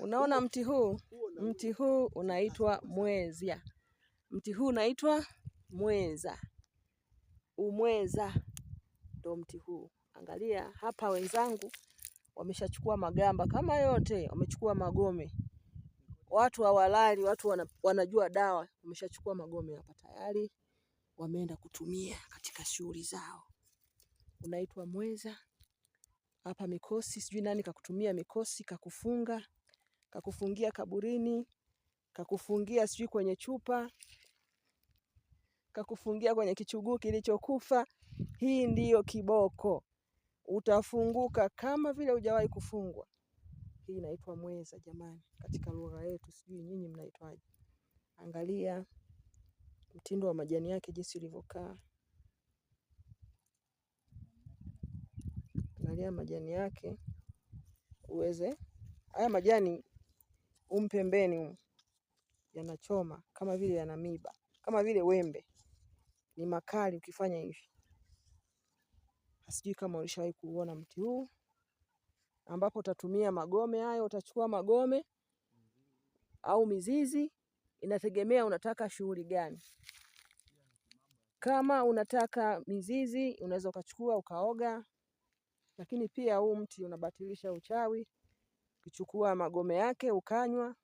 Unaona mti huu, mti huu unaitwa mwezia, mti huu unaitwa mweza, umweza ndo mti huu. Angalia hapa, wenzangu wameshachukua magamba kama yote, wamechukua magome. Watu hawalali, watu wana, wanajua dawa. Wameshachukua magome hapa tayari, wameenda kutumia katika shughuli zao. Unaitwa mweza hapa mikosi, sijui nani kakutumia mikosi kakufunga kakufungia kaburini, kakufungia sijui kwenye chupa, kakufungia kwenye kichuguu kilichokufa. Hii ndiyo kiboko. Utafunguka kama vile hujawahi kufungwa. Hii inaitwa mweza jamani, katika lugha yetu, sijui nyinyi mnaitwaje. Angalia mtindo wa majani yake jinsi ulivyokaa. Angalia majani yake uweze, haya majani umpembeni humu yanachoma kama vile yana miba, kama vile wembe, ni makali ukifanya hivi. Sijui kama ulishawahi kuuona mti huu, ambapo utatumia magome hayo. Utachukua magome au mizizi, inategemea unataka shughuli gani. Kama unataka mizizi, unaweza ukachukua ukaoga, lakini pia huu mti unabatilisha uchawi ukichukua magome yake ukanywa,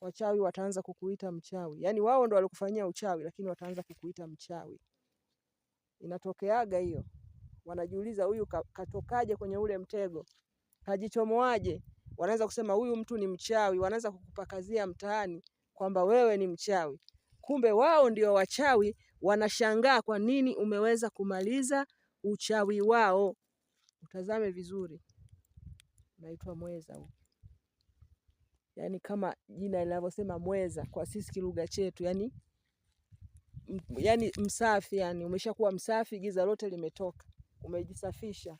wachawi wataanza kukuita mchawi. Yaani wao ndo walikufanyia uchawi, lakini wataanza kukuita mchawi. Inatokeaga hiyo. Wanajiuliza, huyu katokaje kwenye ule mtego? Kajichomoaje? Wanaanza kusema huyu mtu ni mchawi, wanaanza kukupakazia mtaani kwamba wewe ni mchawi. Kumbe wao ndio wachawi, wanashangaa kwa nini umeweza kumaliza uchawi wao. Utazame vizuri naitwa mweza huyu. Yani kama jina linavyosema mweza kwa sisi kilugha chetu, yani yani msafi, yani umeshakuwa msafi, giza lote limetoka, umejisafisha.